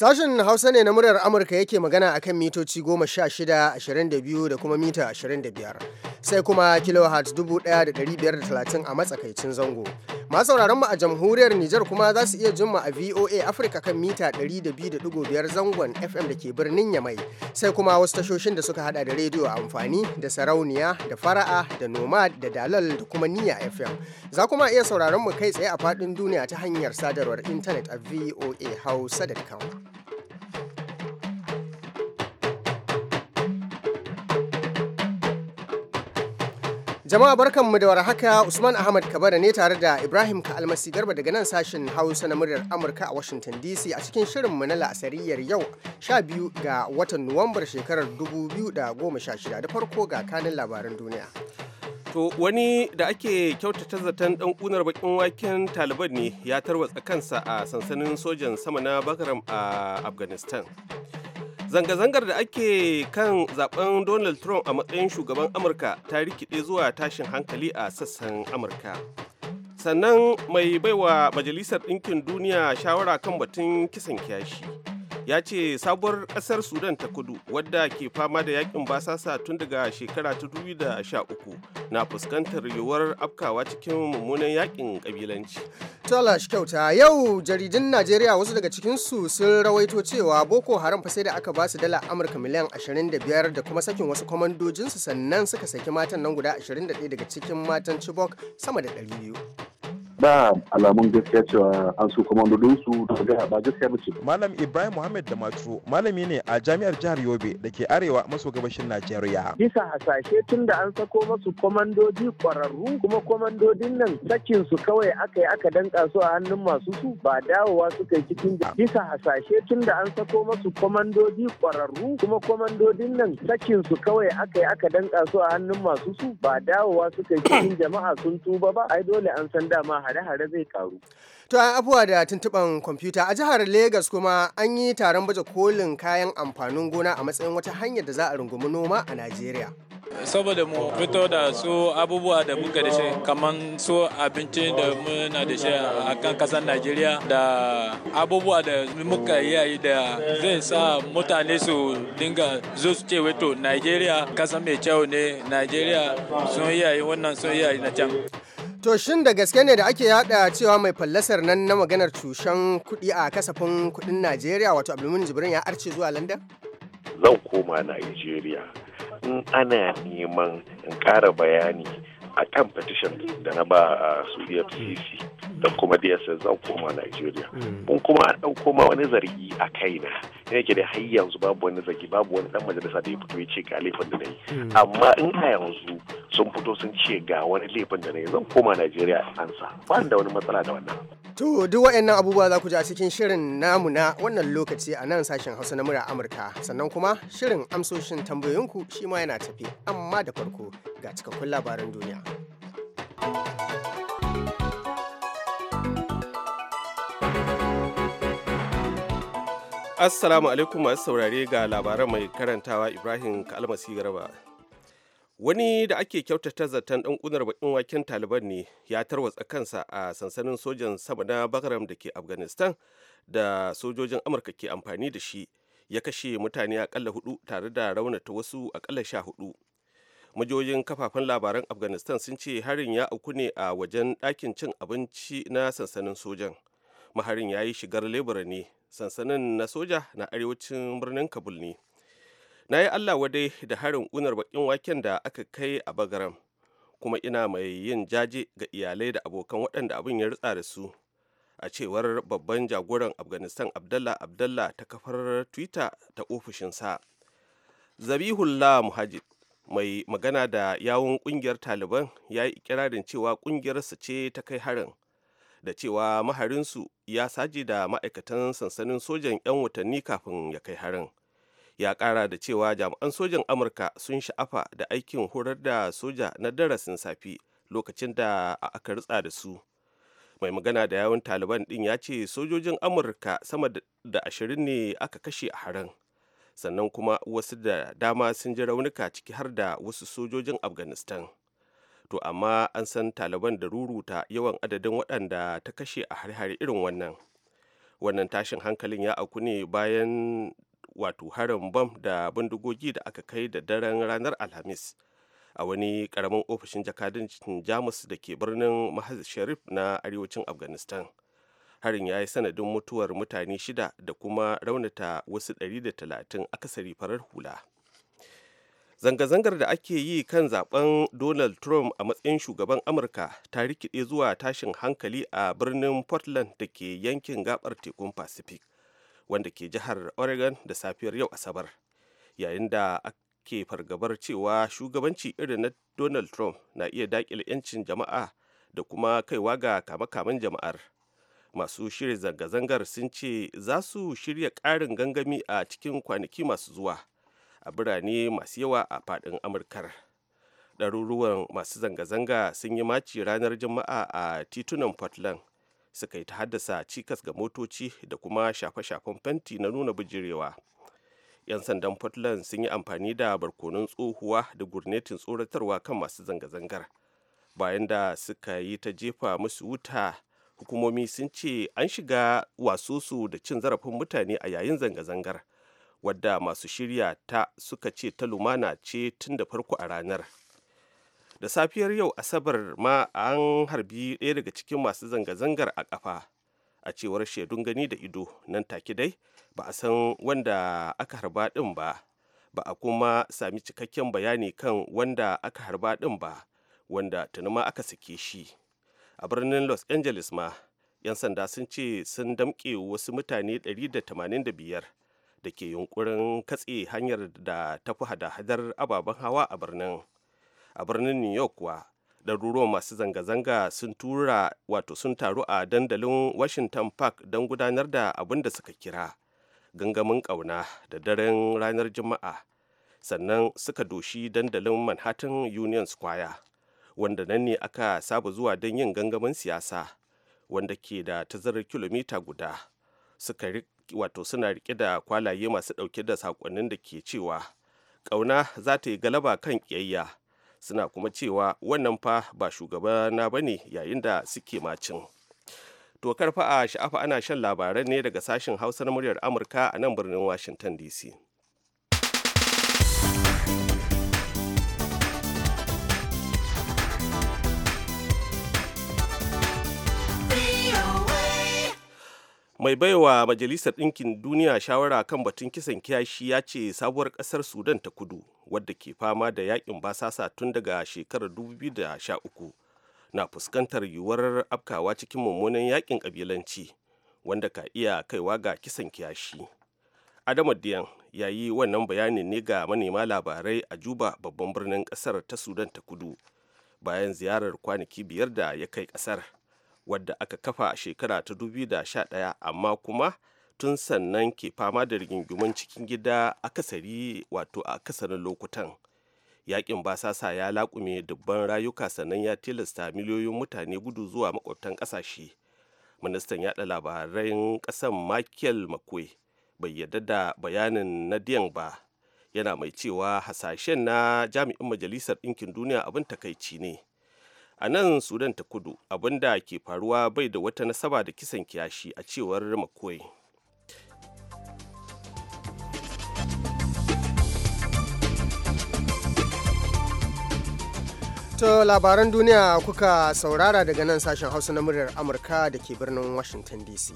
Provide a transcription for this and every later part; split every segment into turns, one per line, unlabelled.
Sashen Hausa ne na muryar Amurka yake magana akan mitoci goma sha shida, ashirin da biyu da kuma mita ashirin da biyar. sai kuma kilohertz 1530 a matsakaicin zango. Masu mu a jamhuriyar Nijar kuma za su iya jimma a VOA Africa kan mita 102.5 zangon FM da ke birnin Yamai sai kuma wasu tashoshin da suka hada da rediyo a amfani da sarauniya da fara'a da nomad da dalal da kuma niya FM. Za kuma iya sauraron mu kai tsaye a faɗin duniya ta hanyar sadarwar intanet a voa Hausa hausa.com. Jama'a mu da warhaka Usman Ahmad Kabara ne tare da Ibrahim Ka'almasi Garba daga nan sashen Hausa na muryar Amurka a Washington DC a cikin shirin mu na la'asariyar yau 12 ga watan Nuwambar shekarar 2016 da farko ga kanin labaran duniya.
To wani da ake kyautata zaton dan kunar bakin waken Taliban ne ya tarwatsa kansa a sansanin sojan sama na Bakaram a Afghanistan. Zanga-zangar da ake kan zaben Donald Trump a matsayin shugaban Amurka ta rikide zuwa tashin hankali a sassan Amurka. Sannan mai baiwa Majalisar Ɗinkin Duniya shawara kan batun kisan kiyashi ya ce sabuwar kasar sudan ta kudu wadda ke fama da yakin basasa tun daga shekara ta uku na fuskantar yiwuwar afkawa cikin mummunan yakin kabilanci
talash kyauta yau jaridun najeriya wasu daga cikinsu sun rawaito cewa boko haram sai da aka basu dala amurka miliyan 25 da kuma sakin wasu kwamandojinsu sannan suka saki matan nan guda 21 daga cikin matan chibok sama da biyu.
ba alamun gaskiya cewa an su kwamandodin su daga ba gaskiya ba ce. Malam Ibrahim Muhammad da matu malami ne a jami'ar jihar Yobe da ke arewa maso gabashin Najeriya.
Bisa hasashe tun da an sako masu komandoji kwararru kuma komandodin nan sakin su kawai aka yi aka danka su a hannun masu su ba dawowa suka yi cikin bisa hasashe tun da an sako masu komandoji kwararru kuma komandodin nan sakin su kawai aka yi aka danka su a hannun masu su ba dawowa suka yi cikin jama'a sun tuba ba ai dole an san dama hare-hare zai karu.
To a abuwa da tuntuɓan kwamfuta a jihar Legas kuma an yi taron baje kolin kayan amfanin gona a matsayin wata hanyar da za a rungumi noma a Najeriya.
saboda mu fito da su abubuwa da muka da shi kamar su abinci da muna da shi a kan kasar najeriya da abubuwa da muka yayi da zai sa mutane su dinga zo su ce wato najeriya kasa mai kyau ne najeriya sun yayi wannan sun yayi na can
To shin da gaske ne da ake yada cewa mai fallasar nan na maganar cushen kuɗi a kasafin kuɗin Najeriya wato Abdulmunin Jibrin ya arce zuwa London?
Zan koma Najeriya in ana neman in ƙara bayani a kan petition da na ba a ah, su e da kuma dss zan koma nigeria mm. mun kuma an koma wani zargi a kaina ke da har yanzu babu wani zargi babu wani dan majalisa da ya fito ya ce ga laifin da na yi mm. amma in a yanzu sun fito sun ce ga wani laifin da na yi zan koma nigeria ansa ba da wani matsala da wannan
To duk waɗannan abubuwa za ku ji a cikin shirin namu na wannan lokaci a nan sashen Hausa na murya Amurka sannan kuma shirin amsoshin tambayoyinku shi ma yana tafi amma da farko ga cikakkun labaran duniya.
Assalamu alaikum masu saurare ga labaran mai karantawa Ibrahim Kalmasi Garba. Wani da ake kyautata zaton ɗan ƙunar baƙin waken Taliban ne ya tarwatsa kansa a sansanin sojan sama na Bagram da ke Afghanistan da sojojin Amurka ke amfani da shi ya kashe mutane akalla hudu tare da raunata wasu akalla sha hudu. Majojin kafafen labaran Afghanistan sun ce harin ya auku ne a wajen ɗakin cin abinci na sansanin sojan. Maharin ya yi shigar lebura ne sansanin na soja na arewacin birnin kabul ne na yi allah wadai da harin unar bakin waken da aka kai a bagaram kuma ina mai yin jaje ga iyalai da abokan waɗanda abin ya ritsa da su a cewar babban jagoran afghanistan abdallah abdallah ta kafar twitter ta ofishinsa zabihullah muhajid mai magana da yawun kungiyar taliban ya yi ikirarin cewa kungiyarsa ce ta kai harin da cewa maharinsu ya saji da ma'aikatan sansanin sojan 'yan watanni kafin ya kai harin ya kara da cewa jami'an sojan amurka sun sha'afa da aikin horar da soja na darasin safi lokacin da aka ritsa da su mai magana da yawun taliban din ya ce sojojin amurka sama da ashirin ne aka kashe a harin sannan kuma wasu da dama sun ji raunuka ciki har da wasu sojojin afghanistan to amma an san taliban da ruruta yawan adadin waɗanda ta kashe a har-hari irin wannan wannan tashin hankalin ya auku ne bayan wato harin bam da bindigogi da aka kai da daren ranar alhamis a wani karamin ofishin jakadancin jamus da ke birnin mahaz sharif na arewacin afghanistan harin ya yi sanadin mutuwar mutane shida da kuma raunata wasu 130 akasari farar hula zanga-zangar da ake yi kan zaben donald trump a matsayin shugaban amurka ta rikide zuwa tashin hankali a birnin portland da ke yankin gabar tekun pacific wanda ke jihar oregon da safiyar yau asabar yayin da ake fargabar cewa shugabanci irin na donald trump na iya daƙile 'yancin jama'a da kuma kaiwa ga kama kamen jama'ar masu shirya zanga-zangar sun ce za su shirya ƙarin gangami a cikin kwanaki masu zuwa a birane masu yawa a faɗin amurkar ɗaruruwan masu zanga-zanga sun yi maci ranar juma'a a titunan portland suka yi ta haddasa cikas ga motoci da kuma shafe-shafen fenti na nuna bijirewa 'yan sandan portland sun yi amfani da barkonon tsohuwa da gurnetin tsoratarwa kan masu zanga-zangar bayan da suka yi ta jefa musu wuta hukumomi sun ce an shiga wasosu da cin zarafin mutane a yayin zanga-zangar wadda masu shirya ta suka ce ta lumana ce tun da farko a ranar da safiyar yau asabar ma an harbi ɗaya daga cikin masu zanga-zangar a ƙafa a cewar shaidun gani da ido nan take dai ba a san wanda aka harba ɗin ba ba a kuma sami cikakken bayani kan wanda aka harba ɗin ba wanda tuni ma aka sake shi a birnin los angeles ma 'yan sanda sun ce sun damƙe wasu mutane 185 da ke yunkurin katse hanyar da ta fi hada-hadar ababen hawa a birnin a birnin new york kuwa ɗaruruwan masu zanga-zanga sun tura wato sun taru a dandalin washington park don gudanar da abin da suka kira gangamin ƙauna da daren ranar juma'a sannan suka doshi dandalin manhattan union square wanda nan ne aka saba zuwa don yin gangamin siyasa wanda ke da tazarar kilomita guda suka wato suna rike da kwalaye masu ɗauke da sakonnin da ke cewa ƙauna za ta yi galaba kan ƙiyayya suna kuma cewa wannan fa ba shugabana ba ne yayin da suke macin tokar fa a sha'afa ana shan labaran ne daga sashen hausa na muryar amurka a nan birnin washington dc mai baiwa majalisar ɗinkin duniya shawara kan batun kisan kiyashi ya ce sabuwar ƙasar sudan ta kudu wadda ke fama da yakin basasa tun daga shekarar 2013 na fuskantar yiwuwar afkawa cikin mummunan yakin ƙabilanci wanda ka iya kaiwa ga kisan kiyashi adamu diyan ya yi wannan bayanin ne ga manema labarai a juba babban birnin ƙasar ta sudan ta kudu bayan ziyarar kwanaki biyar da ya kai ƙasar wadda aka kafa a shekara ta 2011 amma kuma tun sannan ke fama da rigingimun cikin gida akasari wato a akasarin lokutan yakin basasa ya laƙume dubban rayuka sannan ya tilasta miliyoyin mutane gudu zuwa makwabtan ƙasashe ministan yaɗa labaran ƙasan michael makwai bai yarda da bayanin na diyan ba yana mai cewa hasashen na jami'in majalisar ɗinkin duniya abin takaici ne a nan sudan ta kudu abinda ke faruwa bai da wata nasaba da kisan kiyashi a cewar makoi
To labaran duniya kuka saurara daga nan sashen hausa na muryar amurka da ke birnin washington dc.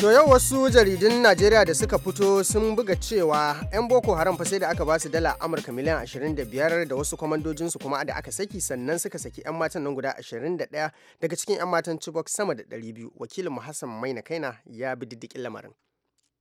To yau wasu jaridun Najeriya da suka fito sun buga cewa 'yan Boko Haram fa sai da aka basu dala Amurka miliyan 25 da wasu kwamandojinsu kuma da aka saki sannan suka saki 'yan matan nan guda 21 daga cikin 'yan matan Chibok sama da 200. Wakilin Hassan Maina Kaina ya bi diddikin lamarin.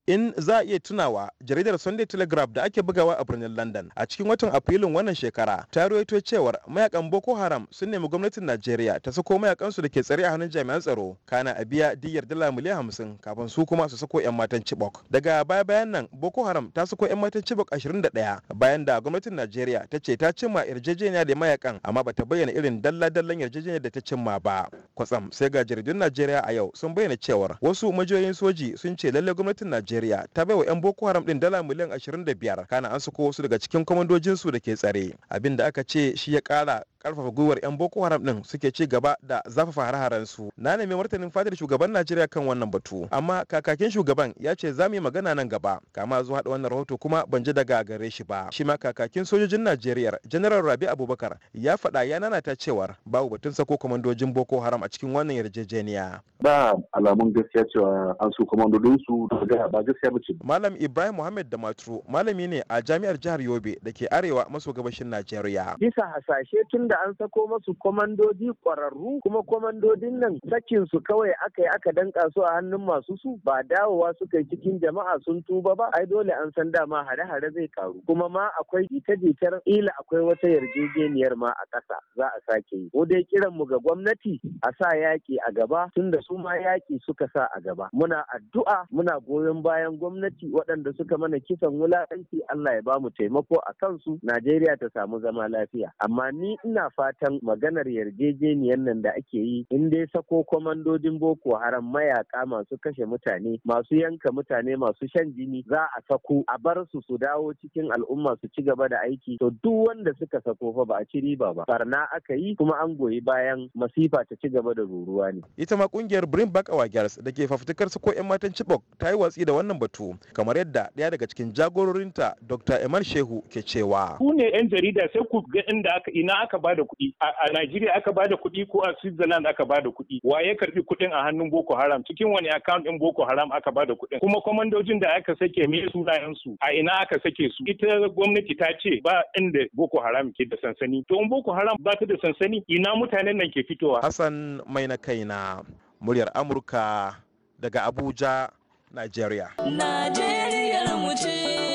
in za a iya tunawa jaridar sunday telegraph da ake bugawa a birnin london a cikin watan afrilun wannan shekara ta ruwaito cewar mayakan boko haram sun nemi gwamnatin najeriya ta sako mayakansu da ke tsare a hannun jami'an tsaro kana a biya diyyar dala miliyan hamsin kafin su kuma su sako yan matan chibok daga baya bayan nan boko haram ta sako yan matan chibok 21 bayan da gwamnatin najeriya ta ce ta cimma yarjejeniya da mayakan amma bata bayyana irin dalla-dallan yarjejeniyar da ta cimma ba kwatsam sai ga jaridun najeriya a yau sun bayyana cewar wasu majiyoyin soji sun ce lallai gwamnatin najeriya najeriya ta bai wa 'yan boko haram din dala miliyan 25 kana an sako wasu daga cikin kwamandojinsu da ke tsare abin da aka ce shi ya kara karfafa gwiwar 'yan boko haram din suke ci gaba da zafafa har haren su na nemi martanin fadar shugaban najeriya kan wannan batu amma kakakin shugaban ya ce za mu yi magana nan gaba kama zuwa haɗa wannan rahoto kuma ban ji daga gare shi ba shi ma kakakin sojojin najeriya general rabi abubakar ya faɗa ya nanata cewar babu batun sako kwamandojin boko haram a cikin wannan yarjejeniya ba alamun gaskiya cewa an su kwamandodin su daga ba gaskiya bace malam ibrahim muhammad da maturu malami ne a jami'ar jihar yobe da ke arewa maso gabashin najeriya
bisa hasashe tun da an sako masu kwamandoji kwararru kuma kwamandodin nan sakin su kawai aka yi aka danka su a hannun masu su ba dawowa suka yi cikin jama'a sun tuba ba ai dole an san dama hare-hare zai karu kuma ma akwai jita-jitar ila akwai wata yarjejeniyar ma a ƙasa za a sake yi ko dai kiran mu ga gwamnati a sa yaƙi a gaba tunda su ma yaƙi suka sa a gaba muna addu'a muna goyon bayan gwamnati waɗanda suka mana kisan wulaƙanci Allah ya ba mu taimako a kansu Najeriya ta samu zama lafiya amma ni ina ina fatan maganar yarjejeniyar nan da ake yi in dai sako kwamandojin boko haram mayaka masu kashe mutane masu yanka mutane masu shan jini za a sako a bar su su dawo cikin al'umma su ci gaba da aiki to duk wanda suka sako fa ba a ci riba ba barna aka yi kuma an goyi bayan masifa ta ci gaba da ruruwa ne
ita ma kungiyar bring back our girls da ke fafutukar sako yan matan chibok ta yi watsi da wannan batu kamar yadda ɗaya daga cikin jagororinta dr eman shehu ke cewa ku ne yan jarida sai ku ga inda aka ina aka bada kuɗi a Najeriya aka bada kuɗi ko a Switzerland aka bada kuɗi wa ya karbi kuɗin a hannun Boko Haram cikin wani account ɗin Boko Haram aka ba da kuɗin kuma komandojin da aka sake me sunayen su a ina aka sake su ita gwamnati ta ce ba inda Boko Haram ke da sansani to in Boko Haram ba ta da sansani ina mutanen nan ke fitowa Hassan mai na kaina muryar Amurka
daga Abuja Najeriya.
Nigeria mu ce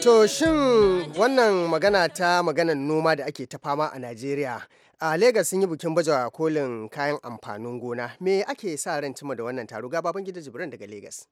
To shin wannan magana ta maganar noma da ake ta fama a Najeriya a Legas sun yi bikin baje kolin kayan amfanin gona me ake sa ran cima da wannan taro ga baban gida Jibrin daga Legas.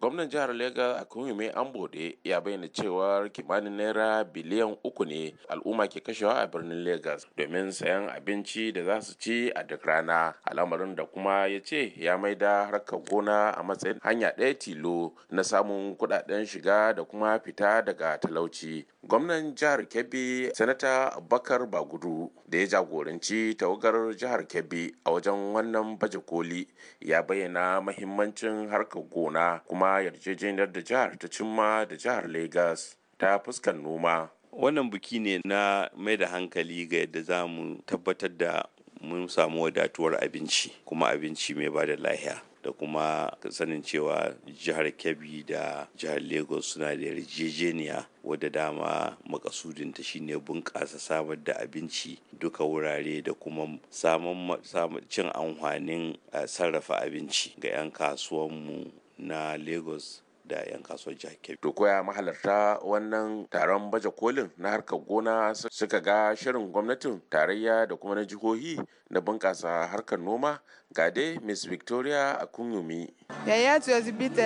gwamnan jihar lagos an ambode ya bayyana cewa kimanin naira biliyan uku ne al'umma ke kashewa a birnin lagos domin sayan abinci da za su ci a duk rana al'amarin da kuma ya ce ya maida harkar gona a matsayin hanya ɗaya tilo na samun kuɗaɗen shiga da kuma fita daga talauci gwamnan jihar kebbi sanata abubakar bagudu da ya jagoranci tawagar jihar kebbi a wajen wannan baje koli ya bayyana mahimmancin harkar gona kuma kuma yarjejeniyar
da jihar ta cimma da jihar Lagos ta fuskan noma. Wannan biki ne na mai da hankali ga yadda za mu tabbatar da mun samu wadatuwar abinci kuma abinci mai ba da lahiya. da kuma sanin cewa jihar kebbi da jihar lagos suna da yarjejeniya wadda dama makasudinta shine bunƙasa samar da abinci duka wurare da kuma samun cin amfanin eh, sarrafa abinci ga 'yan kasuwanmu na lagos da 'yan kasuwar jake. To koya mahalarta wannan taron baje kolin na harkar gona
suka ga shirin gwamnatin tarayya da kuma na jihohi na bunƙasa harkar noma ga dai Miss Victoria a
They yaya to exhibit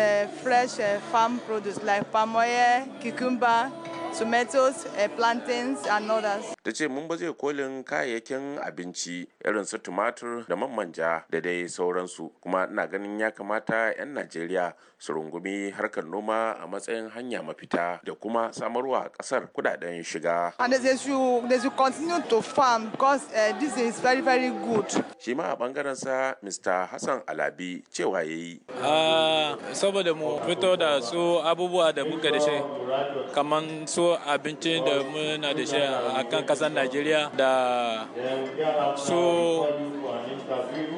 fresh uh, farm produce like palm oil, cucumber, tomatoes, uh, plantains and others.
Ta ce mun baje kolin kayayyakin abinci irin su tumatur da man manja da dai sauransu kuma ina ganin ya kamata 'yan Najeriya su rungumi harkar noma a matsayin hanya mafita da kuma samarwa kasar kudaden shiga.
And they should, they continue to farm because uh, this is very very good.
Shi ma a bangaren sa Mr. Hassan Alabi cewa yayi. Ah saboda mu fito da su abubuwa da muka da shi kaman su so abinci da muna da shi a kan kasar najeriya da so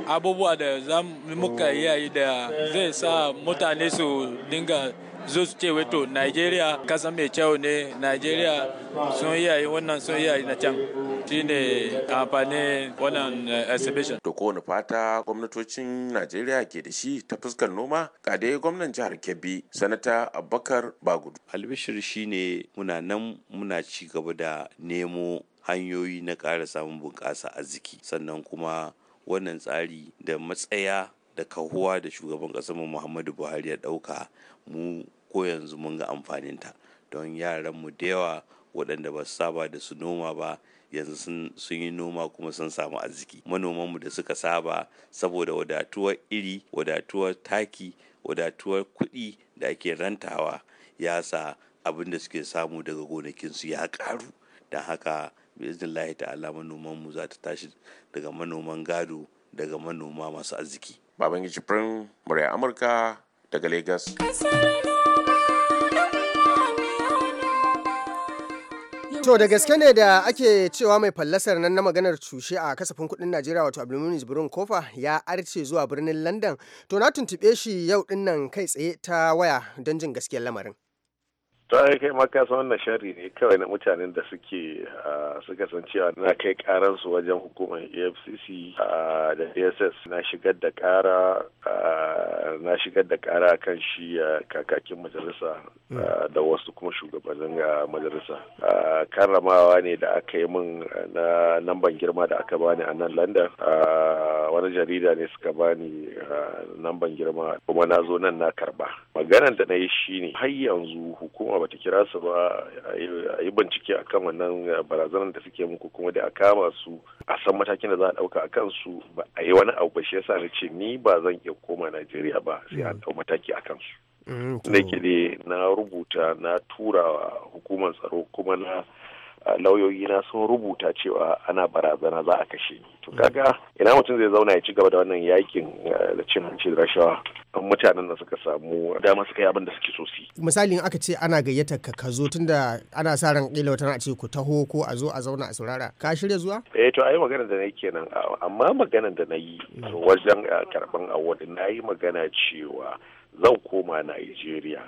abubuwa da za muka yi da zai sa mutane su dinga zo su ce wato najeriya kasa mai kyau ne najeriya sun yayi wannan sun yayi na can
shine amfanin wannan eh, exhibition
to kowane fata gwamnatocin najeriya ke da shi ta fuskar noma ga dai gwamnan jihar kebbi sanata
abubakar bagudu albishir shine muna nan muna ci gaba da nemo hanyoyi na ƙara samun bunƙasa arziki sannan kuma wannan tsari da matsaya da kahuwa da shugaban ƙasarmu muhammadu buhari ya ɗauka mu ko yanzu mun ga amfaninta don yaran mu da yawa waɗanda ba su saba da su noma ba yanzu sun yi noma kuma sun samu arziki manomanmu da suka saba saboda wadatuwar iri wadatuwar taki wadatuwar kuɗi da ake rantawa ya sa abin da suke samu daga gonakinsu ya karu don haka lahi ta'ala manomanmu za ta tashi daga manoman gado daga manoma masu arziki babangiji prim murya amurka daga lagos
To da gaske ne da ake cewa mai fallasar nan na maganar cushe a kasafin kudin Najeriya wato Abdulmunis Burin Kofa ya arce zuwa birnin London. To na tuntuɓe shi yau ɗinnan kai tsaye ta waya don jin gaskiyar lamarin.
ta kai maka san wannan shari ne kawai na mutanen da suke suka san cewa na kai karansu wajen hukumar efcc da dss na shigar da kara na kan shi kakakin majalisa da wasu kuma shugabannin majalisa karramawa ne da aka yi min na namban girma da aka bani a nan london wani jarida ne suka bani ah, ban girma kuma na zo nan na karba maganar da na yi shi ne. har yanzu hukuma bata kira su ba a yi bincike a kan wannan ah, barazanar da suke muku kuma da a kama su a san matakin da za a ɗauka a kansu ba a yi wani abu ba shi yasa na ce ni ba zan iya koma Najeriya ba sai a ɗau mataki a kansu.
Mm, Nake
ne na rubuta na turawa hukumar tsaro kuma na lauyoyi na sun rubuta cewa ana barazana za a kashe ni to kaga ina mutum zai zauna ya ci gaba da wannan yakin eh, da cin hanci da rashawa mutanen da suka samu dama suka yi abin suke so
misalin aka ce ana gayyata ka ka zo tunda ana sa ran kila wata a ce ku taho ko a zo a zauna a saurara ka shirya zuwa
eh to ayi magana da nayi kenan amma magana da nayi wajen eh, karban award yi magana cewa zan koma Najeriya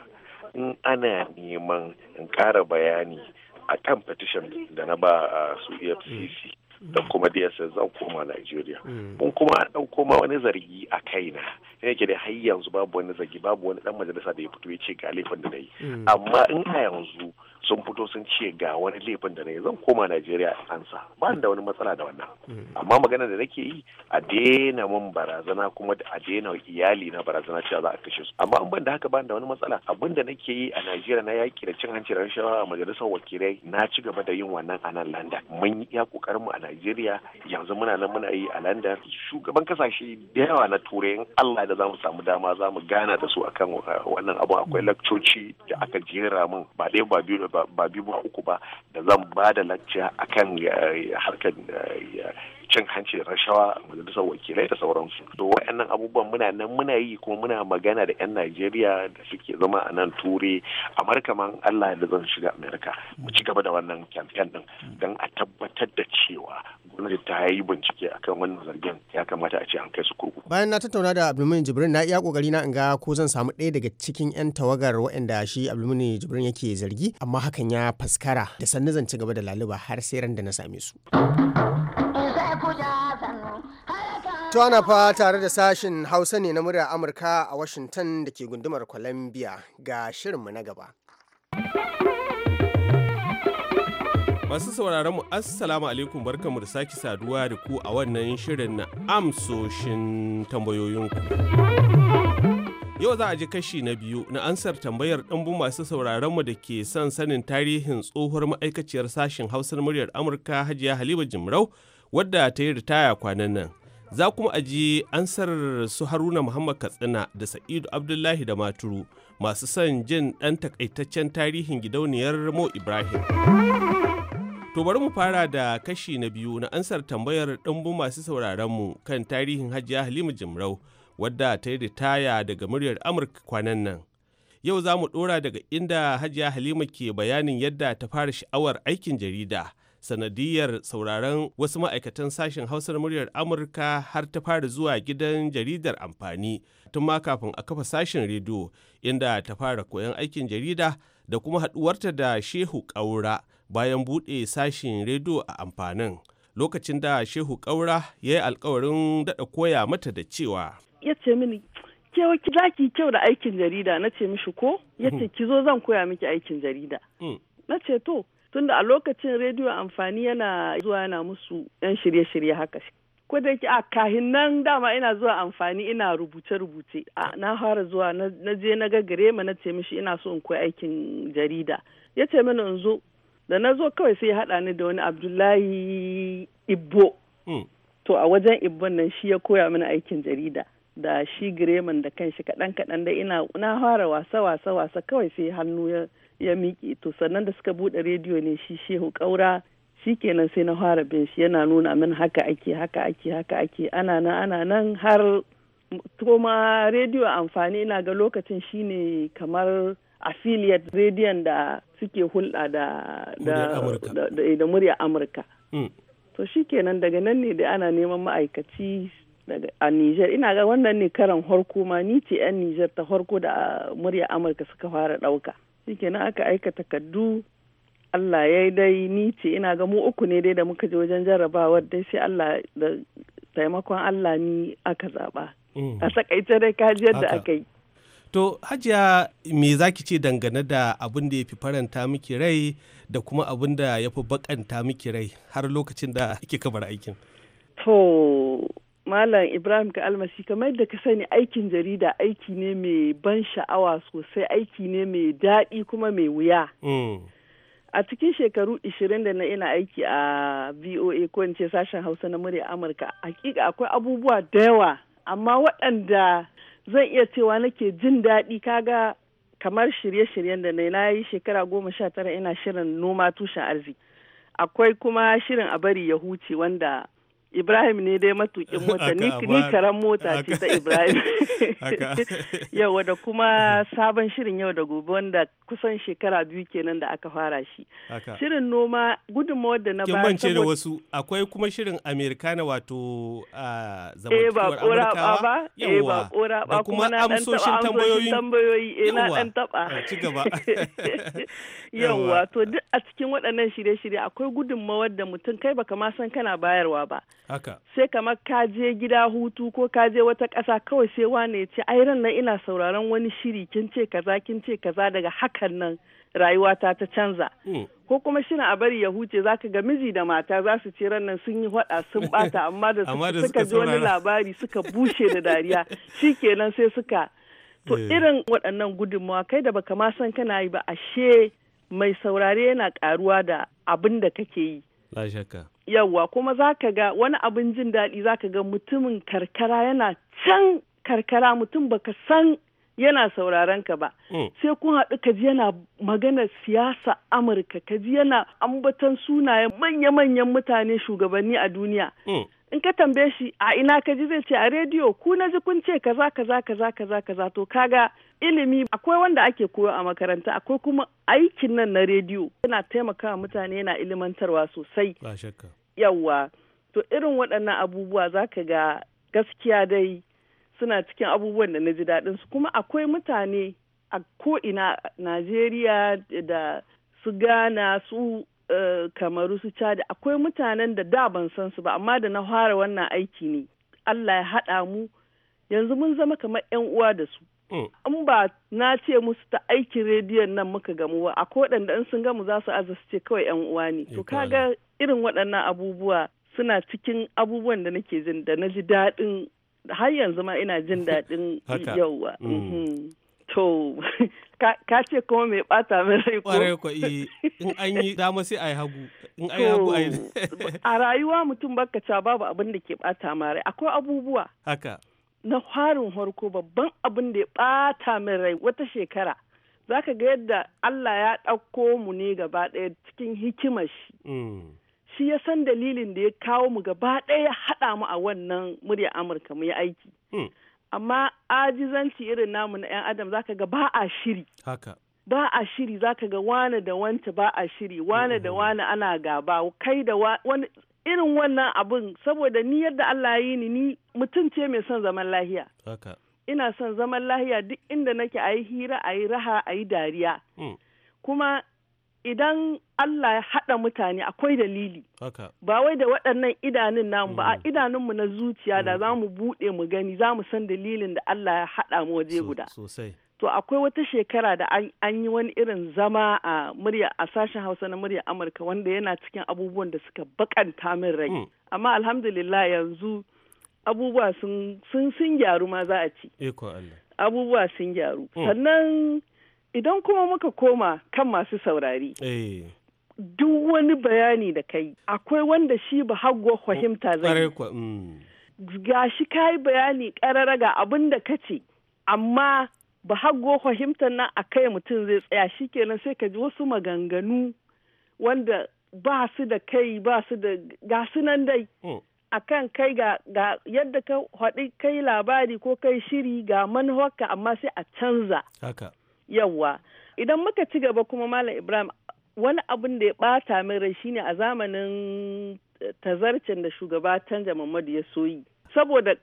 in ana neman in kara bayani a kan petition da na ba ah, su
efcc da
kuma DSS zan koma Najeriya. Mm. Mun kuma ɗauko ma wani zargi a kaina sai yake da har yanzu babu wani zargi babu wani dan majalisa da ya fito ya ce ga laifin da na yi. Mm. Amma in a yanzu sun fito sun ce ga wani laifin da na yi zan koma Najeriya ansa ba da wani matsala da wannan. Mm. Amma magana da nake yi a daina mun barazana kuma a daina iyali na barazana cewa za a kashe su. Amma an ban da haka ba da wani matsala abin da nake yi a Najeriya na yaki da cin hanci da rashawa a majalisar wakilai na ci gaba da yin wannan a nan London. Mun yi iya kokarin mu a Najeriya yanzu muna nan muna yi a London shugaban kasashe da yawa na turai in Allah da zamu samu dama zamu gana da su akan uh, wannan abu akwai mm. lakcoci da aka jera mun ba ɗaya ba biyu ba biyu ba uku ba da zan ba da lakca akan uh, harkar uh, cin hanci da rashawa a majalisar wakilai da sauransu to waɗannan abubuwan muna nan muna yi kuma muna magana da 'yan najeriya da suke zama a nan ture amurka man allah da zan shiga amerika mu ci gaba da wannan kamfen din don a tabbatar da cewa gwamnati ta yi bincike akan wannan zargin ya kamata a ce an kai su kurkuku
bayan na tattauna da abdulmumin jibrin na iya kokari na in ga ko zan samu ɗaya daga cikin 'yan tawagar waɗanda shi abdulmumin jibrin yake zargi amma hakan ya faskara da sannu zan ci gaba da laluba har sai ran da na same su. To fa tare da sashin Hausa ne na muryar Amurka a Washington da ke gundumar Columbia ga shirinmu na gaba.
Masu sauraron mu Assalamu alaikum barkanmu da saki saduwa da ku a wannan shirin na amsoshin tambayoyinku. Yau za a ji kashi na biyu na ansar tambayar ɗanbun masu sauraron mu da ke son sanin tarihin tsohuwar ma'aikaciyar sashin Hausar muryar Amurka Hajiya Halima Jimrau wadda ta yi ritaya kwanan nan. za kuma a ji ansar su haruna muhammad katsina da sa'idu abdullahi da maturu masu son jin ɗan takaitaccen tarihin gidauniyar mo ibrahim to bari mu fara da kashi na biyu na ansar tambayar ɗumbun masu sauraronmu kan tarihin hajiya halima jimrau wadda ta yi ritaya daga muryar amurka kwanan nan yau za mu ɗora daga inda hajiya halima ke bayanin yadda ta fara sha'awar aikin jarida sanadiyar sauraron wasu ma'aikatan sashen hausar muryar amurka har ta fara zuwa gidan jaridar amfani tun ma kafin a kafa sashen rediyo inda ta fara koyon aikin jarida da kuma haɗuwarta da shehu ƙaura bayan buɗe sashen rediyo a amfanin lokacin da shehu ƙaura ya yi alkawarin daɗa koya mata da cewa
ya ce mini kewa kyau da aikin jarida na ce mishi ko ya ce ki zo zan koya miki aikin jarida mm. na ce to tunda a lokacin rediyo amfani yana zuwa yana musu yan shirye-shirye haka ko da yake a kahin nan dama ina zuwa amfani ina rubuce-rubuce na fara zuwa na je na gagare ma na ce mishi ina so in koyi aikin jarida ya ce mini in zo da na zo kawai sai ya haɗa ni da wani abdullahi ibbo hmm. to a wajen ibbon nan shi ya koya mana aikin jarida da shi gireman da kanshi kaɗan kaɗan da ina na fara wasa wasa wasa kawai sai hannu ya ya miƙe to sannan da suka buɗe rediyo ne shi shehu ƙaura shi kenan sai na fara bin shi yana nuna min haka ake haka ake haka ake ana nan ana nan har kuma rediyo amfani ina ga lokacin shine kamar affiliate rediyon da suke hulɗa da da murya amurka mm. to shi kenan daga nan ne da ana neman ma'aikaci a niger ina ga wannan ne karan harko ma ni ce 'yan niger ta harko da murya amurka suka fara ɗauka na aka aika takardu Allah ya dai ni ce ina ga mu uku ne dai da muka je wajen jarrabawar dai sai Allah da taimakon Allah ni aka zaba mm. a sakaice dai kaji yadda aka yi
To hajiya me za ki ce dangane da abin da ya fi faranta miki rai da kuma abin da ya fi bakanta miki rai har lokacin da ake kamar aikin?
To Malam Ibrahim ka almasi kamar yadda ka sani aikin jarida aiki ne mai ban sha'awa sosai aiki ne mai daɗi kuma mai wuya. Mm. A cikin shekaru 20 da na ina aiki a VOA ko in ce sashen Hausa na murya Amurka hakika akwai abubuwa da yawa amma waɗanda zan iya cewa nake jin daɗi kaga kamar shirye-shiryen da na yi shekara goma sha tara ina shirin noma tushen arziki. Akwai kuma shirin a bari ya huce wanda Ibrahim ne dai matukin mota ni karan mota ce ta Ibrahim. Yau da kuma sabon shirin yau da gobe wanda kusan shekara biyu kenan da aka fara shi. Shirin noma gudunmawar da na ba. Kin da wasu
akwai kuma shirin Amerikana wato zamantakewar ah,
Amurkawa. Eh ba kora ba eh, kuma na dan taba tambayoyi. Tambayoyi eh, na dan taba. Ah, ci gaba. to duk a cikin waɗannan shirye-shirye akwai gudunmawar da mutum kai baka ma san kana bayarwa ba. sai kamar ka je gida hutu ko ka je wata ƙasa kawai sai wane ya ce ai ran nan ina sauraron wani shiri kin ce kaza kin ce kaza daga hakan nan rayuwata ta canza hmm. ko kuma shina a bari ya huce zaka ga miji da mata za su ce ran nan sun yi hwada sun bata amma da suka ji wani labari suka bushe da dariya shi kenan sai suka to irin waɗannan gudunmawa kai da baka ma san kana yi ba ashe mai saurare yana karuwa da abin da kake yi yawwa kuma za ka ga wani abin jin daɗi za ka ga mutumin karkara yana can karkara mutum baka san yana sauraron ka ba mm. sai kun haɗu ka ji yana magana siyasa amurka ka ji yana ambatan sunayen manya-manyan mutane shugabanni a duniya mm. in ka tambaye shi a ina ka ji zai ce a rediyo ku na ji kun ce kaza kaza kaza kaza kaza to kaga ilimi akwai wanda ake koyo a makaranta akwai kuma aikin nan na rediyo yana taimakawa mutane yana ilimantarwa sosai yawwa to irin waɗannan abubuwa za ka ga gaskiya dai suna cikin abubuwan da na ji daɗin su kuma akwai mutane a ko ina najeriya da su gana su Eh, kamaru su cadi akwai mutanen da da ban san su ba amma da na fara wannan aiki ne Allah ya haɗa mu yanzu mun zama kamar 'yan uwa da su mm. in ba na ce musu ta aikin rediyon nan muka gamu ba akwai waɗanda in sun gamu za su aza su ce kawai 'yan uwa ne to kaga irin waɗannan abubuwa suna cikin abubuwan da nake jin da na ji daɗin har yanzu ma ina jin daɗin yauwa mm. mhm. to ka ce kuma mai bata min rai ko ƙwarai ko eh,
in an yi dama sai a yi hagu in an yi hagu a yi
a rayuwa mutum baka ca babu abin da ke bata ma rai akwai abubuwa haka na farin harko babban abin da ya bata min rai wata shekara zaka ga yadda Allah ya ɗauko mu ne gaba ɗaya cikin hikimar shi mm. shi ya san dalilin da ya kawo mu gaba ɗaya ya haɗa mu a wannan murya Amurka mu yi aiki mm. amma ajizanci irin namu na 'yan adam zaka ga ba a shiri haka ba a shiri zaka ga wane da wanta ba a shiri wane da wane ana gaba kai da wani irin wannan abun saboda ni yadda Allah yi ni ni mutum ce mai son zaman lahiya haka ina son zaman lahiya duk inda nake a yi hira a yi raha a yi dariya mm. kuma idan Allah ya haɗa mutane akwai dalili. Ba wai da waɗannan idanun namu ba, mm. idanunmu na zuciya da mm. za mu buɗe mu gani za mu san dalilin da Allah ya haɗa mu waje guda. To akwai wata shekara da an yi wani irin zama a murya a sashen Hausa na murya Amurka wanda yana cikin abubuwan da suka bakanta min rai. Mm. Amma alhamdulillah yanzu abubuwa sun sun gyaru ma za a ci. Abubuwa sun gyaru. Sannan idan kuma muka koma kan masu saurari. Eh. duk wani bayani da kai akwai wanda shi ba hagwa fahimta zai mm. ga shi ka bayani ƙarara ga abin da ka ce amma ba hagu fahimtar nan a kai mutum zai tsaya shi kenan sai ka ji wasu maganganu wanda ba su da kai ba su da ga su nan dai mm. a kan kai ga yadda ka haɗi kai labari ko kai shiri ga manhawarka amma sai a canza yawa idan muka ci gaba kuma malam ibrahim wani abin da ya bata min rai shine a zamanin eh, tazarcen da shugaba canja Muhammadu ya soyi saboda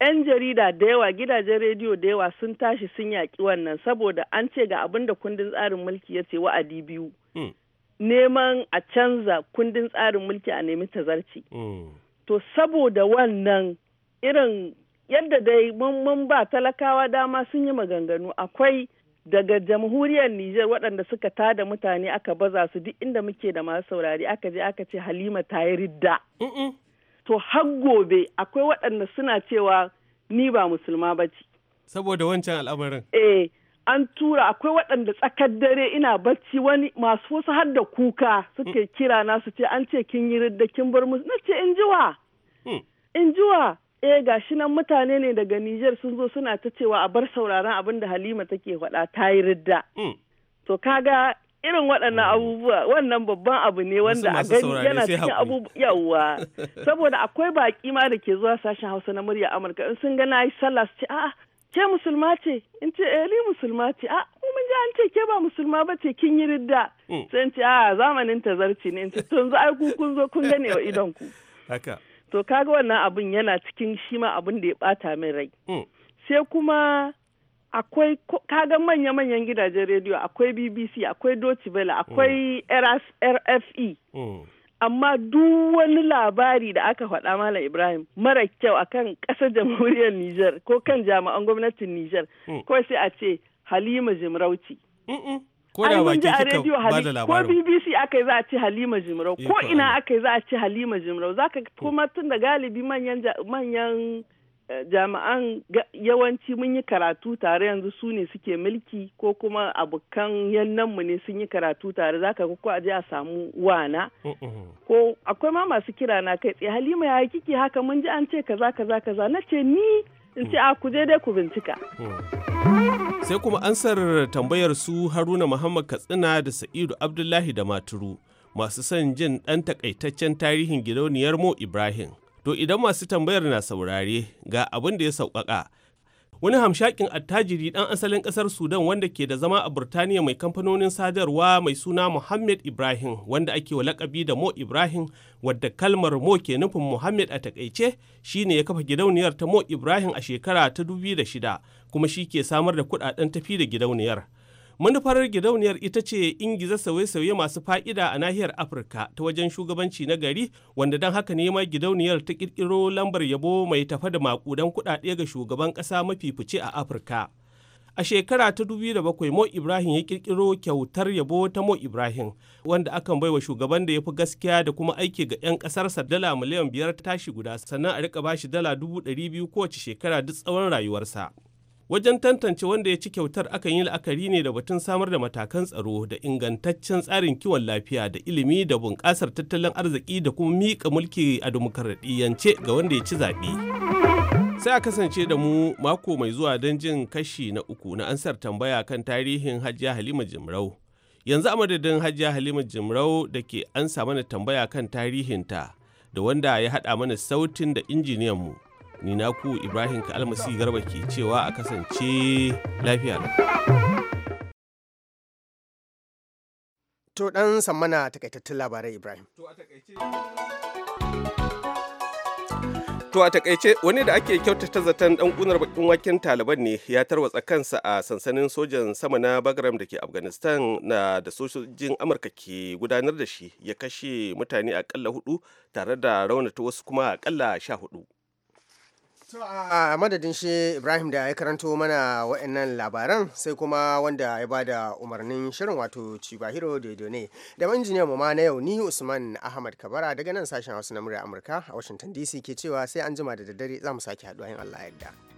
'yan jarida da yawa gidajen rediyo da yawa sun tashi sun yaƙi wannan saboda an ce ga abin da kundin tsarin mulki ya ce wa'adi biyu hmm. neman a canza kundin tsarin mulki a nemi tazarci hmm. to saboda wannan irin yadda dai mun ba talakawa dama sun yi maganganu akwai daga jamhuriyar Nijar waɗanda suka tada mutane aka baza su duk inda muke da masu saurari aka je aka ce Halima ta yi ridda. To har gobe akwai waɗanda suna cewa ni ba musulma ba ce. Saboda wancan al'amarin. Eh, an tura akwai waɗanda tsakar dare ina bacci wani masu wasu har da kuka Suke mm. kira na su ce an ce kin yi ridda kin bar musu na ce in jiwa. Hmm. In jiwa. eh gashi nan mutane ne daga Nijar sun zo suna ta cewa a bar sauraron abin da Halima take faɗa ta yi ridda. Hmm. To kaga irin waɗannan hmm. abubuwa wannan babban abu ne wanda a gani yana cikin abubuwa yawwa saboda akwai baƙi ma da ke zuwa sashen Hausa na murya Amurka in sun ga na yi sallah su ce a'a ke musulma ce in ce eh musulma ce a mun ji an ce ke ba musulma ba ce kin yi ridda hmm. sai in ce a zamanin tazarci ne in ce tun ai kun zo kun gane wa idon ku haka to kaga wannan abun yana cikin shi ma abun da ya bata min rai hmm. sai kuma akwai kaga manya-manyan gidajen rediyo akwai bbc akwai deutsche welle akwai rfe hmm. amma duk wani labari da aka faɗa malam ibrahim mara kyau akan ƙasar jamhuriyar niger ko kan jami'an gwamnatin niger hmm. kawai sai a ce halima jimarauci ko da kika ba da ko BBC aka yi za a ci Halima Jimrau ko ina aka yi za a ci Halima Jimrau zaka kuma tun da galibi manyan manyan eh, jami'an yawanci mun yi karatu tare yanzu su ne suke mulki ko kuma abokan yannan mu ne sun yi karatu tare za ka ko je a samu wana ko akwai ma masu kira na kai tsaye halima ya kike haka mun ji an ce kaza kaza kaza na ce ni in ce a ku je dai ku bincika
mm. Sai kuma ansar tambayar su Haruna Muhammad Katsina da Sa'idu Abdullahi da Maturu masu son jin ɗan takaitaccen tarihin gidauniyar Mo Ibrahim. To idan masu tambayar na saurare ga abin da ya sauƙaƙa. Wani hamshakin attajiri ɗan asalin ƙasar Sudan wanda ke da zama a Burtaniya mai kamfanonin sadarwa mai suna Mohammed Ibrahim wanda ake wa lakabi da Mo Ibrahim wadda kalmar Mo ke nufin Mohammed a takaice shine ya kafa gidauniyar ta Mo Ibrahim a shekara ta 2006 kuma shi ke samar da kudaden tafi da gidauniyar. Manufar gidauniyar ita ce ingiza sauye-sauye masu fa'ida a nahiyar Afirka ta wajen shugabanci na gari wanda don haka ne ma gidauniyar ta ƙirƙiro lambar yabo mai tafa da maƙudan kudade ga shugaban ƙasa mafi fice a Afirka. A shekara ta 2007 Mo Ibrahim ya ƙirƙiro kyautar yabo ta Mo Ibrahim wanda akan baiwa shugaban da ya fi gaskiya da kuma aiki ga 'yan ƙasarsa dala miliyan biyar ta tashi guda sannan a rika bashi dala dubu ɗari biyu kowace shekara duk tsawon rayuwarsa. wajen tantance wanda ya ci kyautar akan yi la'akari ne da batun samar da matakan tsaro da ingantaccen tsarin kiwon lafiya da ilimi da bunƙasar tattalin arziki da kuma miƙa mulki a dimokuraɗiyyance ga wanda ya ci zaɓe. sai a kasance da mu mako mai zuwa don jin kashi na uku na ansar tambaya kan tarihin hajiya halima jimrau yanzu a madadin hajiya halima jimrau da ke ansa mana tambaya kan tarihinta da wanda ya haɗa mana sautin da injiniyanmu ni ku ibrahim kalmasi garba ke cewa a kasance lafiya
to dan sammana takaitattun labarai ibrahim
To a takaice wani da ake kyautata zaton dan kunar bakin waken taliban ne ya tarwatsa kansa a sansanin sojan sama na Bagram da ke Afghanistan na da sojojin Amurka ke gudanar da shi ya kashe mutane akalla hudu tare da raunata wasu kuma akalla sha hudu.
To a madadin shi Ibrahim da ya karanto mana waɗannan labaran sai kuma wanda ya ba da umarnin shirin wato Chibahiro Dodo ne da injiniyan mu ma na yau ni Usman Ahmad Kabara daga nan sashen Hausa na murya Amurka a Washington DC ke cewa sai an jima da daddare za mu sake haɗuwa yin Allah yadda.